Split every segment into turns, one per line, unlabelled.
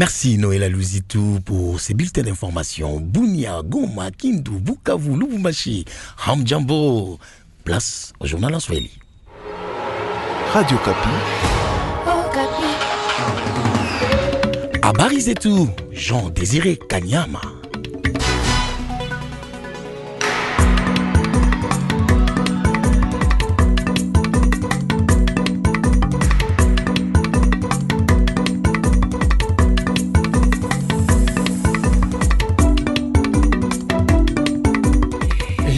Merci Noël Alouzitou pour ces bulletins d'information. Bounia, Goma, Kindu, Bukavu, Lubumbashi, Hamjambo. Place au journal en Swahili. Radio Kapi. Oh, Kapi. tout. Jean Désiré Kanyama.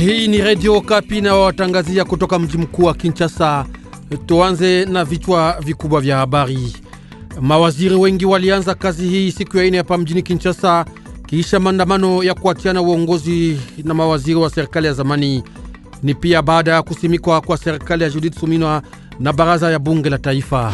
Hii ni redio Kapi na watangazia kutoka mji mkuu wa Kinshasa. Tuanze na vichwa vikubwa vya habari. Mawaziri wengi walianza kazi hii siku ya ine hapa mjini Kinshasa kisha maandamano ya kuachiana uongozi na mawaziri wa serikali ya zamani. Ni pia baada ya kusimikwa kwa serikali ya Judith Suminwa na baraza ya bunge la taifa.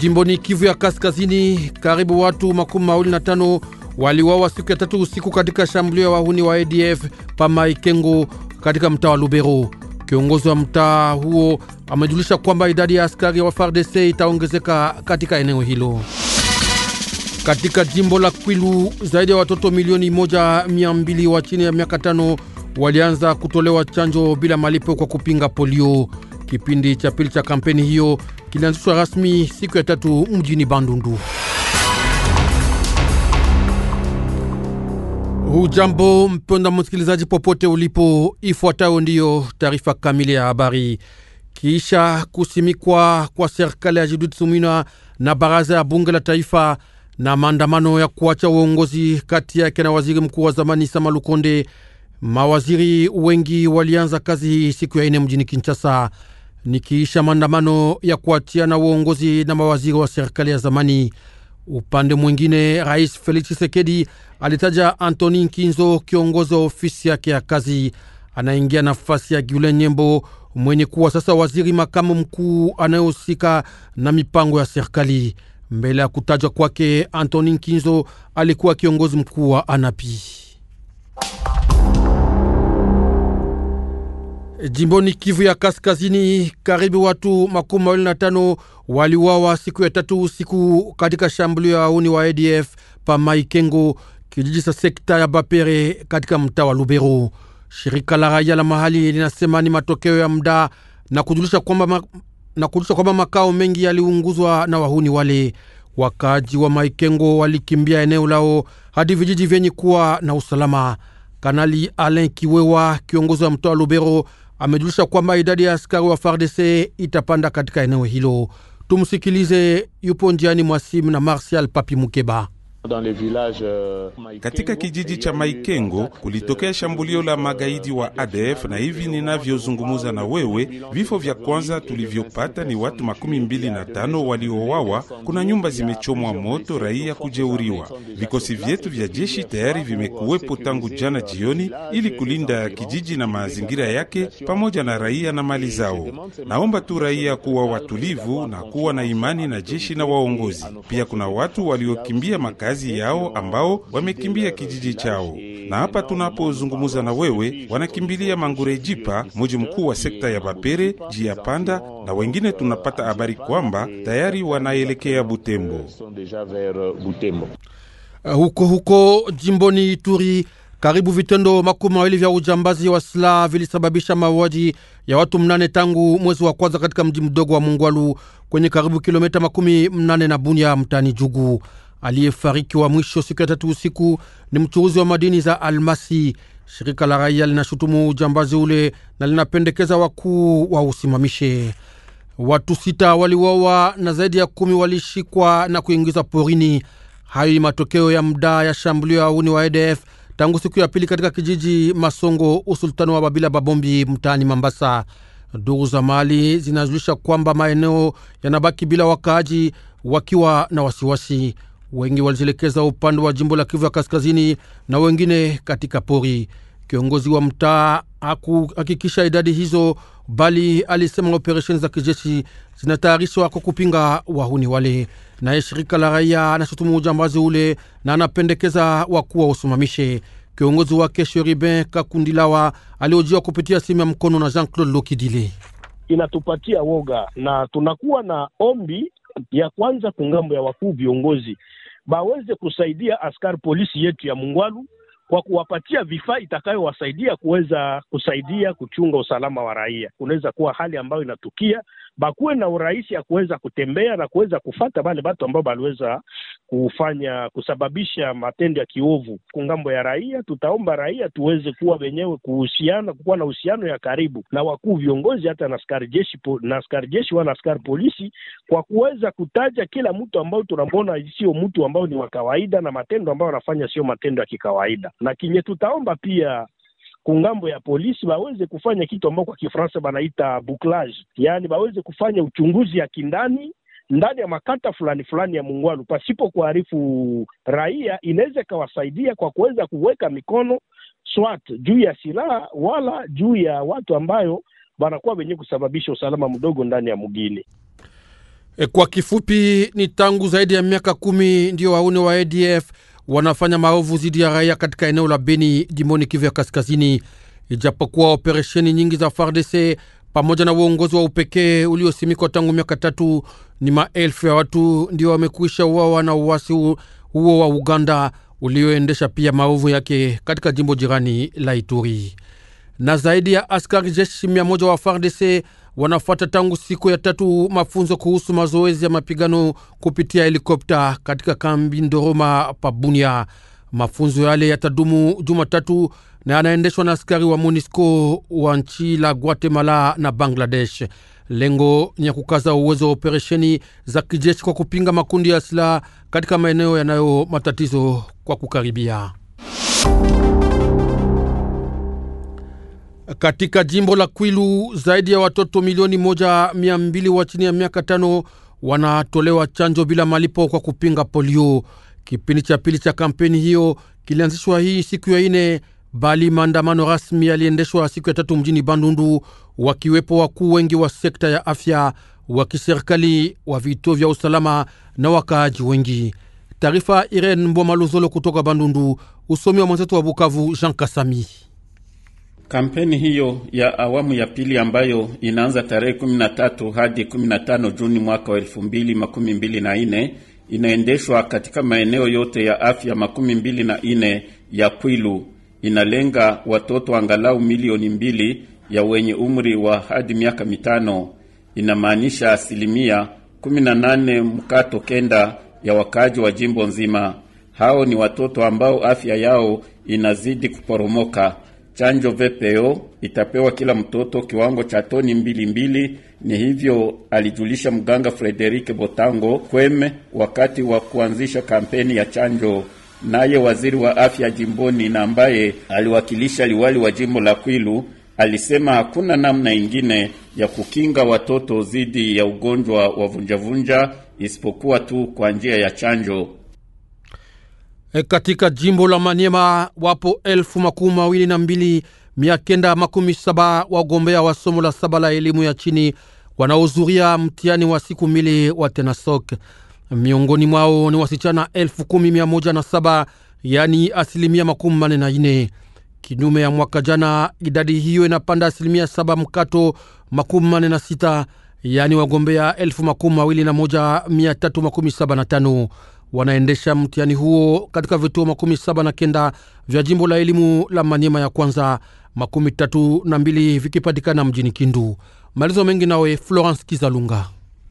Jimboni Kivu ya Kaskazini, karibu watu makumi mawili na tano waliwawa siku ya tatu usiku katika shambulio ya wahuni wa ADF pa maikengo katika mtaa wa Lubero. Kiongozi wa mtaa huo amejulisha kwamba idadi ya askari wa FARDC itaongezeka katika eneo hilo. Katika jimbo la Kwilu, zaidi ya watoto milioni moja mia mbili wa chini ya miaka tano walianza kutolewa chanjo bila malipo kwa kupinga polio. Kipindi cha pili cha kampeni hiyo kilianzishwa rasmi siku ya tatu mjini Bandundu. Hujambo mpenda msikilizaji, popote ulipo, ifuatayo ndiyo taarifa kamili ya habari. Kisha kusimikwa kwa serikali ya Judith Suminwa na baraza ya bunge la taifa na maandamano ya kuacha uongozi kati yake na waziri mkuu wa zamani Sama Lukonde, mawaziri wengi walianza kazi hii siku ya ine mjini Kinshasa, nikiisha maandamano ya kuatia na uongozi na mawaziri wa serikali ya zamani. Upande mwingine, Rais Felix chisekedi alitaja Antoni Nkinzo, kiongozi wa ofisi yake ya kazi, anaingia nafasi ya Giule Nyembo mwenye kuwa sasa waziri makamu mkuu anayehusika na mipango ya serikali. Mbele ya kutajwa kwake, Antoni Nkinzo alikuwa kiongozi mkuu wa ANAPI. Jimboni Kivu ya Kaskazini, karibu watu makumi mawili na tano waliuawa siku ya tatu usiku katika shambulio ya wauni wa ADF pa Maikengo, kijiji cha sekta ya Bapere katika mtaa wa Lubero. Shirika la raia la mahali linasema ni matokeo ya muda na kujulisha kwamba na kujulisha kwamba makao mengi yaliunguzwa na wahuni wale. Wakaaji wa Maikengo walikimbia eneo lao hadi vijiji vyenye kuwa na usalama. Kanali Alain Kiwewa, kiongozi wa mtoa wa Lubero, amejulisha kwamba idadi ya askari wa FARDC itapanda katika eneo hilo. Tumsikilize, yupo njiani mwa simu na Martial Papi Mukeba.
Euh, Katika kijiji cha Maikengo kulitokea shambulio la magaidi euh, wa ADF, na hivi ninavyozungumza na wewe, vifo vya kwanza tulivyopata ni watu makumi mbili na tano waliowawa. Kuna nyumba zimechomwa moto, raia kujeuriwa. Vikosi vyetu vya jeshi tayari vimekuwepo tangu jana jioni, ili kulinda kijiji na mazingira yake pamoja na raia na mali zao. Naomba tu raia kuwa watulivu na kuwa na imani na jeshi na waongozi. Pia kuna watu waliokimbia makazi baadhi yao ambao wamekimbia kijiji chao, na hapa tunapozungumza na wewe wanakimbilia Mangurejipa, mji mkuu wa sekta ya Bapere, Jia Panda, na wengine tunapata habari kwamba tayari wanaelekea Butembo. Ah,
huko huko jimboni Ituri, karibu vitendo makumi mawili vya ujambazi wa silaha vilisababisha mauaji ya watu mnane tangu mwezi wa kwanza katika mji mdogo wa Mungwalu kwenye karibu kilomita makumi mnane na Bunya mtani Jugu aliyefariki wa mwisho siku ya tatu usiku ni mchuuzi wa madini za almasi. Shirika la raia linashutumu ujambazi ule na linapendekeza wakuu wa usimamishe. Watu sita waliuawa na zaidi ya kumi walishikwa na kuingizwa porini. Hayo ni matokeo ya muda ya shambulio ya uni wa ADF tangu siku ya pili katika kijiji Masongo, usultani wa Babila Babombi, mtaani Mambasa. Ndugu za mali zinajulisha kwamba maeneo yanabaki bila wakaaji wakiwa na wasiwasi. wasi wengi walijielekeza upande wa jimbo la Kivu ya kaskazini na wengine katika pori. Kiongozi wa mtaa hakuhakikisha idadi hizo, bali alisema operesheni za kijeshi zinatayarishwa kwa kupinga wahuni wale. Naye shirika la raia anashutumu ujambazi ule na anapendekeza wakuwa usimamishe. Kiongozi wake Sheribin Kakundilawa aliojiwa kupitia simu ya mkono na Jean Claude Lokidile.
Inatupatia woga na tunakuwa na ombi ya kwanza kungambo ya wakuu viongozi baweze kusaidia askari polisi yetu ya Mungwalu kwa kuwapatia vifaa itakayowasaidia kuweza kusaidia kuchunga usalama wa raia. Kunaweza kuwa hali ambayo inatukia bakuwe na urahisi ya kuweza kutembea na kuweza kufata wale batu ambao baliweza kufanya kusababisha matendo ya kiovu kungambo ya raia. Tutaomba raia tuweze kuwa wenyewe kuhusiana, kuwa na uhusiano ya karibu na wakuu viongozi, hata na askari jeshi na askari jeshi wala askari polisi, kwa kuweza kutaja kila mtu ambao tunamwona sio mtu ambao ni wa kawaida na matendo ambayo anafanya sio matendo ya kikawaida, na kinye tutaomba pia kungambo ya polisi baweze kufanya kitu ambao kwa kifransa banaita bouclage, yaani baweze kufanya uchunguzi ya kindani ndani ya makata fulani fulani ya Mungwalu pasipo kuharifu raia, inaweza ikawasaidia kwa kuweza kuweka mikono swat juu ya silaha wala juu ya watu ambayo wanakuwa wenye kusababisha usalama mdogo ndani ya mgini
E, eh, kwa kifupi ni tangu zaidi ya miaka kumi ndio waune wa ADF wanafanya maovu dhidi ya raia katika eneo la Beni, jimboni Kivu ya Kaskazini, ijapokuwa operesheni nyingi za FARDC pamoja na uongozi wa upekee uliosimikwa tangu miaka tatu, ni maelfu ya watu ndio wamekwisha uawa na uwasi huo wa Uganda ulioendesha pia maovu yake katika jimbo jirani la Ituri, na zaidi ya askari jeshi mia moja wa FARDC wanafuata tangu siku ya tatu mafunzo kuhusu mazoezi ya mapigano kupitia helikopta katika kambi Ndoroma Pabunia. Mafunzo yale yatadumu Jumatatu na yanaendeshwa na askari wa MONUSCO wa nchi la Guatemala na Bangladesh. Lengo ni ya kukaza uwezo wa operesheni za kijeshi kwa kupinga makundi ya silaha katika maeneo yanayo matatizo kwa kukaribia katika jimbo la Kwilu zaidi ya watoto milioni moja mia mbili wa chini ya miaka tano wanatolewa chanjo bila malipo kwa kupinga polio. Kipindi cha pili cha kampeni hiyo kilianzishwa hii siku ya ine, bali maandamano rasmi yaliendeshwa siku ya tatu mjini Bandundu, wakiwepo wakuu wengi wa sekta ya afya, wa kiserikali, wa vituo vya usalama na wakaaji wengi. Taarifa Irene Mbwamaluzolo kutoka Bandundu, usomi wa mwenzetu wa Bukavu Jean Kasami. Kampeni hiyo
ya awamu ya pili ambayo inaanza tarehe 13 hadi 15 Juni mwaka wa 2024 inaendeshwa katika maeneo yote ya afya makumi mbili na ya Kwilu. Inalenga watoto angalau milioni mbili ya wenye umri wa hadi miaka mitano. Inamaanisha asilimia 18 mkato kenda ya wakaaji wa jimbo nzima. Hao ni watoto ambao afya yao inazidi kuporomoka. Chanjo VPO itapewa kila mtoto kiwango cha toni mbili mbili. Ni hivyo alijulisha mganga Frederike Botango Kweme wakati wa kuanzisha kampeni ya chanjo. Naye waziri wa afya jimboni na ambaye aliwakilisha liwali wa jimbo la Kwilu alisema hakuna namna ingine ya kukinga watoto dhidi ya ugonjwa wa vunjavunja isipokuwa tu kwa njia ya chanjo.
E, katika jimbo la Maniema wapo elfu makumi mawili na mbili mia kenda makumi saba wagombea wa somo la saba la elimu ya chini wanaohudhuria mtihani wa siku mbili wa TENASOK. Miongoni mwao ni wasichana elfu kumi mia moja na saba yaani asilimia makumi manne na ine kinyume ya mwaka jana. Idadi hiyo inapanda asilimia saba mkato makumi manne na sita yaani wagombea elfu makumi mawili na moja mia tatu makumi saba na tano wanaendesha mtihani huo katika vituo makumi saba na kenda vya jimbo la elimu la Manyema ya kwanza, makumi tatu na mbili vikipatikana mjini Kindu. Malizo mengi nawe Florence Kizalunga.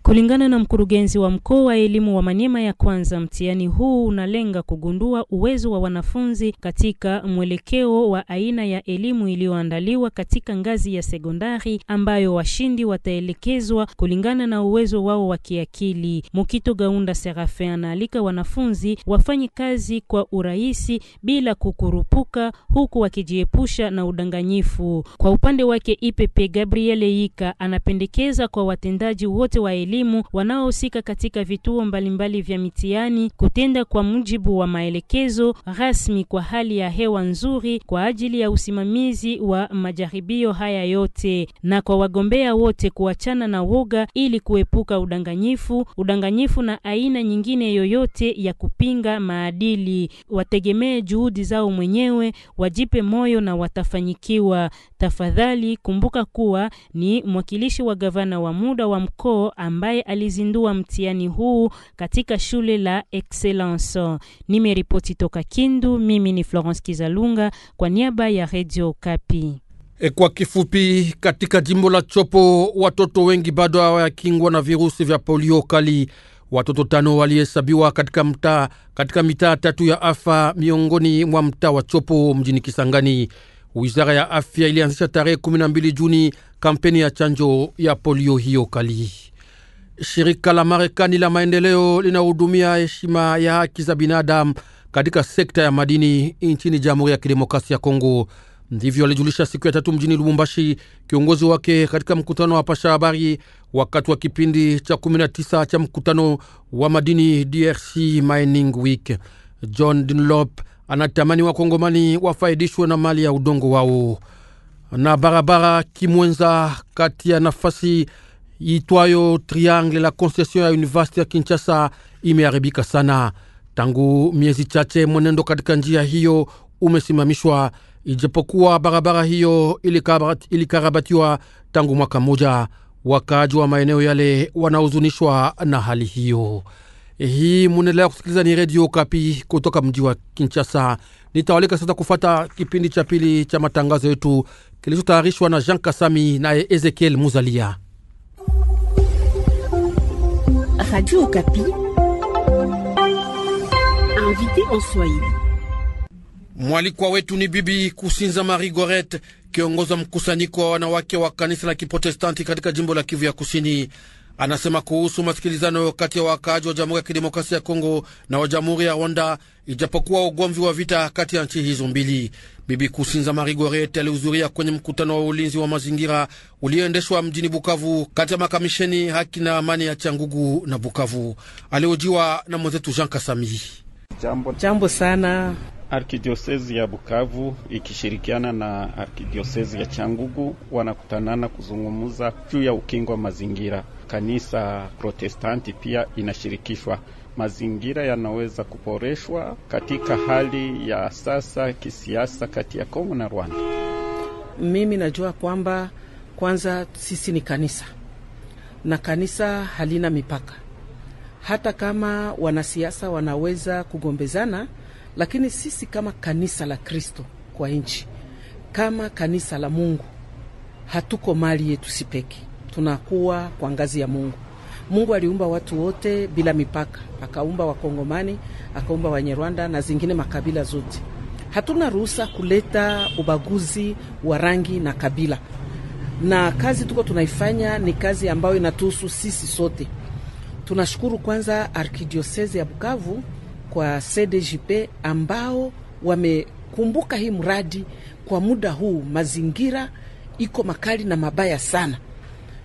Kulingana na mkurugenzi wa mkoa wa elimu wa Maniema ya kwanza, mtihani huu unalenga kugundua uwezo wa wanafunzi katika mwelekeo wa aina ya elimu iliyoandaliwa katika ngazi ya sekondari, ambayo washindi wataelekezwa kulingana na uwezo wao wa kiakili. Mukito Gaunda Serafe anaalika wanafunzi wafanye kazi kwa urahisi bila kukurupuka, huku wakijiepusha na udanganyifu. Kwa upande wake, IPP Gabriel Yika anapendekeza kwa watendaji wote wa elimu walimu wanaohusika katika vituo mbalimbali vya mitihani kutenda kwa mujibu wa maelekezo rasmi kwa hali ya hewa nzuri kwa ajili ya usimamizi wa majaribio haya yote, na kwa wagombea wote kuachana na woga ili kuepuka udanganyifu, udanganyifu na aina nyingine yoyote ya kupinga maadili. Wategemee juhudi zao mwenyewe, wajipe moyo na watafanyikiwa. Tafadhali kumbuka kuwa ni mwakilishi wa gavana wa muda wa mkoa ambaye ambaye alizindua mtihani huu katika shule la Excellence. Nimeripoti toka Kindu, mimi ni Florence Kizalunga kwa niaba ya Radio Kapi.
E, kwa kifupi, katika jimbo la Chopo watoto wengi bado hawayakingwa na virusi vya polio kali. Watoto tano walihesabiwa katika mtaa katika mitaa tatu ya afa miongoni mwa mtaa wa Chopo mjini Kisangani. Wizara ya afya ilianzisha tarehe 12 Juni kampeni ya chanjo ya polio hiyo kali. Shirika la Marekani la maendeleo linahudumia heshima ya haki za binadamu katika sekta ya madini nchini Jamhuri ya Kidemokrasia ya Kongo. Ndivyo alijulisha siku ya tatu mjini Lubumbashi kiongozi wake katika mkutano wa pasha habari wakati wa kipindi cha 19 cha mkutano wa madini DRC Mining Week. John Dunlop anatamani wakongomani wafaidishwe na mali ya udongo wao. Na barabara Kimwenza kati ya nafasi itwayo Triangle la Concession ya University ya Kinshasa imeharibika sana. Tangu miezi chache, mwenendo katika njia hiyo umesimamishwa, ijapokuwa barabara hiyo ilikarabatiwa tangu mwaka mmoja. Wakaaji wa maeneo yale wanahuzunishwa na hali hiyo. Hii munaendelea kusikiliza ni Redio Kapi kutoka mji wa Kinshasa. Nitawalika sasa kufata kipindi cha pili cha matangazo yetu kilichotayarishwa na Jean Kasami naye Ezekiel Muzalia.
Radio Okapi, invité en Swahili.
Mwalikwa wetu ni Bibi Kusinza Marie Goret, kiongoza mkusanyiko wa wanawake wa kanisa la Kiprotestanti katika jimbo la Kivu ya Kusini. Anasema kuhusu masikilizano kati ya wakaaji wa Jamhuri ya Kidemokrasia ya Kongo na wa Jamhuri ya Rwanda, ijapokuwa ugomvi wa vita kati ya nchi hizo mbili. Bibi Kusinza Mari Goret alihudhuria kwenye mkutano wa ulinzi wa mazingira uliendeshwa mjini Bukavu kati ya makamisheni haki na amani ya Changugu na Bukavu. Alihojiwa na mwenzetu Jean Kasami. Jambo, jambo sana.
Arkidiosezi ya Bukavu ikishirikiana na arkidiosezi ya Changugu wanakutanana kuzungumza juu ya ukingo wa mazingira. Kanisa Protestanti pia inashirikishwa mazingira yanaweza kuboreshwa katika hali ya sasa kisiasa kati ya Kongo na Rwanda.
Mimi najua kwamba kwanza sisi ni kanisa na kanisa halina mipaka. Hata kama wanasiasa wanaweza kugombezana, lakini sisi kama kanisa la Kristo kwa nchi, kama kanisa la Mungu, hatuko mali yetu sipeki, tunakuwa kwa ngazi ya Mungu. Mungu aliumba watu wote bila mipaka, akaumba Wakongomani, akaumba Wanyarwanda na zingine makabila zote. Hatuna ruhusa kuleta ubaguzi wa rangi na kabila, na kazi tuko tunaifanya ni kazi ambayo inatuhusu sisi sote. Tunashukuru kwanza arkidiosezi ya Bukavu kwa CDJP ambao wamekumbuka hii mradi kwa muda huu. Mazingira iko makali na mabaya sana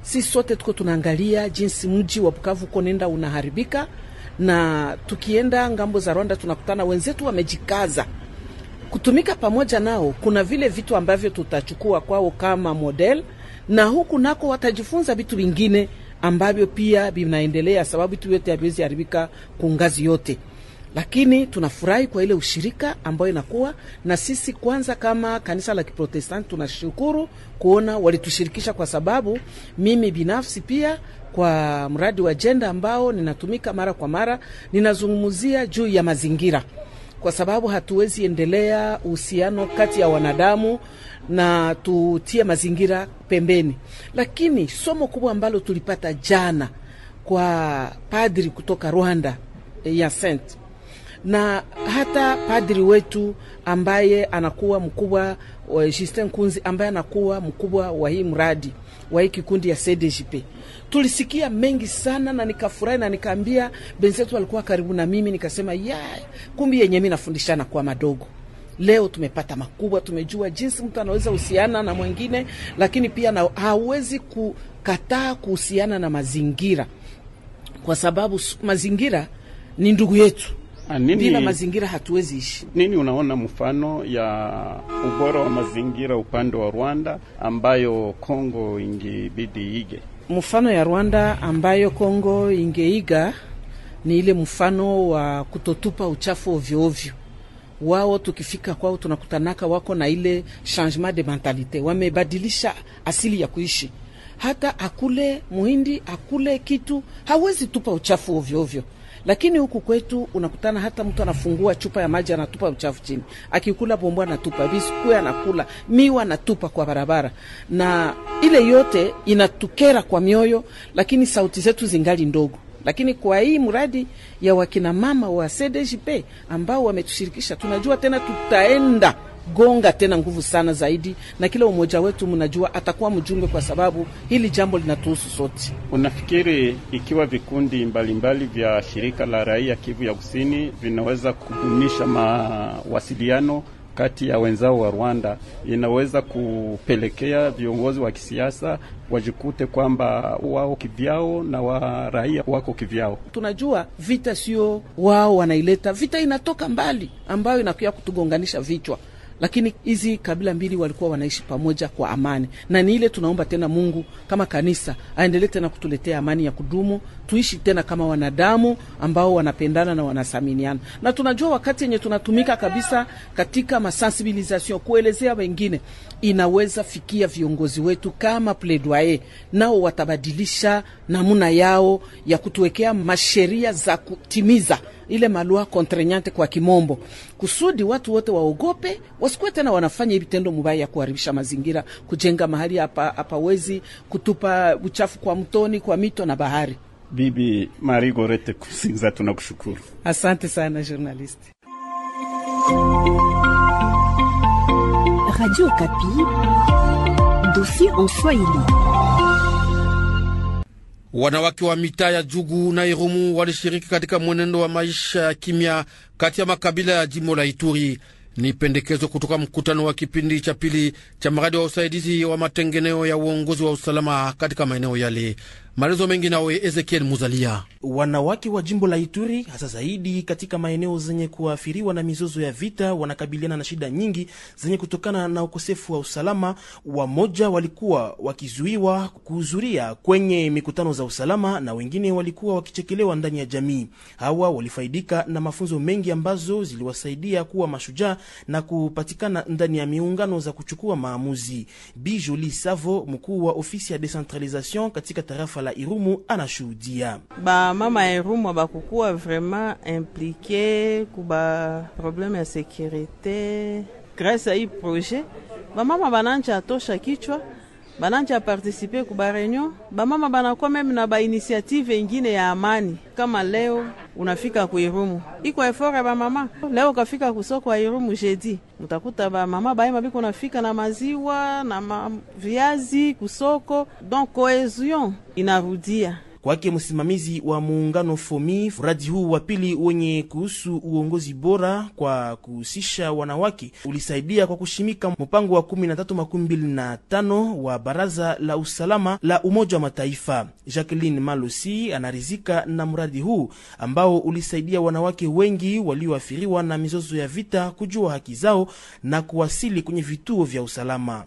si sote tuko tunaangalia jinsi mji wa Bukavu uko nenda unaharibika, na tukienda ngambo za Rwanda tunakutana wenzetu wamejikaza kutumika pamoja nao. Kuna vile vitu ambavyo tutachukua kwao kama model, na huku nako watajifunza vitu vingine ambavyo pia vinaendelea, sababu vitu vyote haviwezi haribika ku ngazi yote lakini tunafurahi kwa ile ushirika ambayo inakuwa na sisi. Kwanza kama kanisa la Kiprotestanti tunashukuru kuona walitushirikisha, kwa sababu mimi binafsi pia kwa mradi wa jenda ambao ninatumika mara kwa mara, ninazungumzia juu ya mazingira, kwa sababu hatuwezi endelea uhusiano kati ya wanadamu na tutie mazingira pembeni. Lakini somo kubwa ambalo tulipata jana kwa padri kutoka Rwanda eh, Yasent na hata padri wetu ambaye anakuwa mkubwa wa Justin Kunzi ambaye anakuwa mkubwa wa hii mradi wa hii kikundi ya CDGP. Tulisikia mengi sana na nikafurahi na nikaambia benzetu alikuwa karibu na mimi, nikasema ya kumbi yenye mimi nafundishana kwa madogo Leo tumepata makubwa, tumejua jinsi mtu anaweza husiana na mwingine, lakini pia na hawezi kukataa kuhusiana na mazingira, kwa sababu mazingira ni ndugu yetu. Ah, nini, bila mazingira
hatuwezi ishi. Nini unaona mfano ya ubora wa mazingira upande wa Rwanda ambayo Kongo ingebidi ige?
Mfano ya Rwanda ambayo Kongo ingeiga ni ile mfano wa kutotupa uchafu ovyo ovyo. Wao tukifika kwao tunakutanaka wako na ile changement de mentalite, wamebadilisha asili ya kuishi. Hata akule muhindi akule kitu hawezi tupa uchafu ovyo ovyo. Lakini huku kwetu unakutana hata mtu anafungua chupa ya maji anatupa uchafu chini, akikula bombo anatupa, biskuti anakula, miwa anatupa kwa barabara, na ile yote inatukera kwa mioyo, lakini sauti zetu zingali ndogo lakini kwa hii mradi ya wakinamama wa CDJP ambao wametushirikisha, tunajua tena tutaenda gonga tena nguvu sana zaidi, na kila umoja wetu, mnajua atakuwa mjumbe, kwa sababu
hili jambo linatuhusu sote. Unafikiri ikiwa vikundi mbalimbali mbali vya shirika la raia Kivu ya Kusini vinaweza kudumisha mawasiliano kati ya wenzao wa Rwanda inaweza kupelekea viongozi wa kisiasa wajikute kwamba wao kivyao na wa raia wako kivyao.
Tunajua vita sio wao wanaileta, vita inatoka mbali ambayo inakuja kutugonganisha vichwa lakini hizi kabila mbili walikuwa wanaishi pamoja kwa amani, na ni ile tunaomba tena Mungu kama kanisa aendelee tena kutuletea amani ya kudumu, tuishi tena kama wanadamu ambao wanapendana na wanasaminiana Na tunajua wakati yenye tunatumika kabisa katika masensibilisation, kuelezea wengine, inaweza fikia viongozi wetu kama plaidoyer, nao watabadilisha namuna yao ya kutuwekea masheria za kutimiza ile malua contraignante kwa kimombo, kusudi watu wote waogope, wasikuwe tena wanafanya vitendo mubaya ya kuharibisha mazingira, kujenga mahali hapa wezi kutupa uchafu kwa mtoni, kwa mito na bahari.
Bibi Marigorete Kusinza, tunakushukuru.
Asante sana journaliste.
Radio Kapi, dossier en Swahili.
Wanawake wa mitaa ya Jugu na Irumu walishiriki katika mwenendo wa maisha ya kimya kati ya makabila ya jimbo la Ituri. Ni pendekezo kutoka mkutano wa kipindi cha pili cha mradi wa usaidizi wa matengeneo ya uongozi wa usalama katika maeneo yale. Maelezo mengi nawe Ezekiel Muzalia. Wanawake
wa jimbo la Ituri hasa zaidi katika maeneo zenye kuathiriwa na mizozo ya vita wanakabiliana na shida nyingi zenye kutokana na ukosefu wa usalama. Wamoja walikuwa wakizuiwa kuhudhuria kwenye mikutano za usalama na wengine walikuwa wakichekelewa ndani ya jamii. Hawa walifaidika na mafunzo mengi ambazo ziliwasaidia kuwa mashujaa na kupatikana ndani ya miungano za kuchukua maamuzi. Bi Jolie Savo, mkuu wa ofisi ya decentralisation katika tarafa la Irumu anashuhudia
ba mama ya Irumu bakukuwa vraiment implike kuba probleme ya sekurite grase ya hii projet bamama bananja atosha kichwa bananja apartisipe ku bareunion, bamama banakuwa meme na bainisiative ingine ya amani. Kama leo unafika ku Irumu, iko efore ya bamama. Leo ukafika kusoko ya Irumu jedi mutakuta bamama baema biko nafika na maziwa na maviazi kusoko, donc cohesion inarudia
Kwake msimamizi wa muungano FOMI, mradi huu wa pili wenye kuhusu uongozi bora kwa kuhusisha wanawake ulisaidia kwa kushimika mpango wa 1325 wa Baraza la Usalama la Umoja wa Mataifa. Jacqueline Malosi anarizika na mradi huu ambao ulisaidia wanawake wengi walioathiriwa na mizozo ya vita kujua haki zao na kuwasili kwenye vituo vya usalama.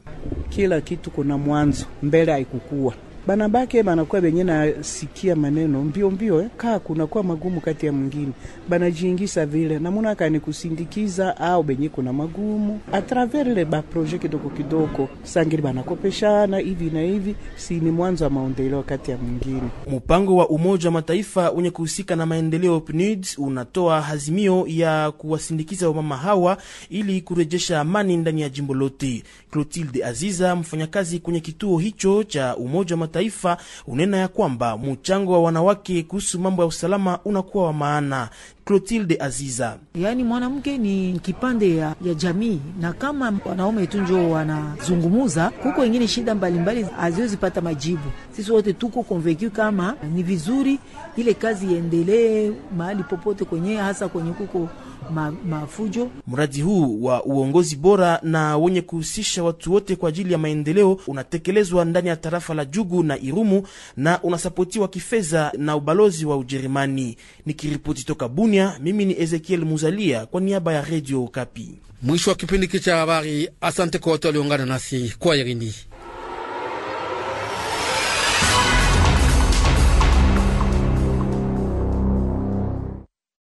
Kila kitu kuna mwanzo,
mbele haikukuwa banabake banakuwa benye nasikia maneno mbio mbio eh, kaa kunakuwa magumu kati ya mwingine banajiingisa vile namuna kani kusindikiza au benye kuna
magumu
atravers ile baproje kidogo kidogo, sangili banakopeshana hivi na hivi, si ni mwanzo wa maendeleo kati ya mwingine. Mpango wa Umoja wa Mataifa wenye
kuhusika na maendeleo PNUD unatoa hazimio ya kuwasindikiza wamama hawa ili kurejesha amani ndani ya jimbo lote. Clotilde Aziza, mfanyakazi kwenye kituo hicho cha Umoja wa Mataifa Mataifa unena ya kwamba mchango wa wanawake kuhusu mambo ya usalama
unakuwa wa maana.
Clotilde Aziza:
yaani mwanamke ni kipande ya, ya jamii, na kama wanaume tu njo wanazungumuza, kuko wengine shida mbalimbali haziwezi pata majibu. Sisi wote tuko konvenki kama ni vizuri ile kazi iendelee mahali popote kwenye hasa kwenye kuko ma, mafujo.
Mradi huu wa uongozi bora na wenye kuhusisha watu wote kwa ajili ya maendeleo unatekelezwa ndani ya tarafa la Jugu na Irumu na unasapotiwa kifedha na ubalozi wa Ujerumani. Nikiripoti toka Bunia, mimi ni Ezekiel Muzalia kwa niaba ya Radio Okapi.
Mwisho wa kipindi cha habari. Asante kwa watu waliungana nasi kwa Irini.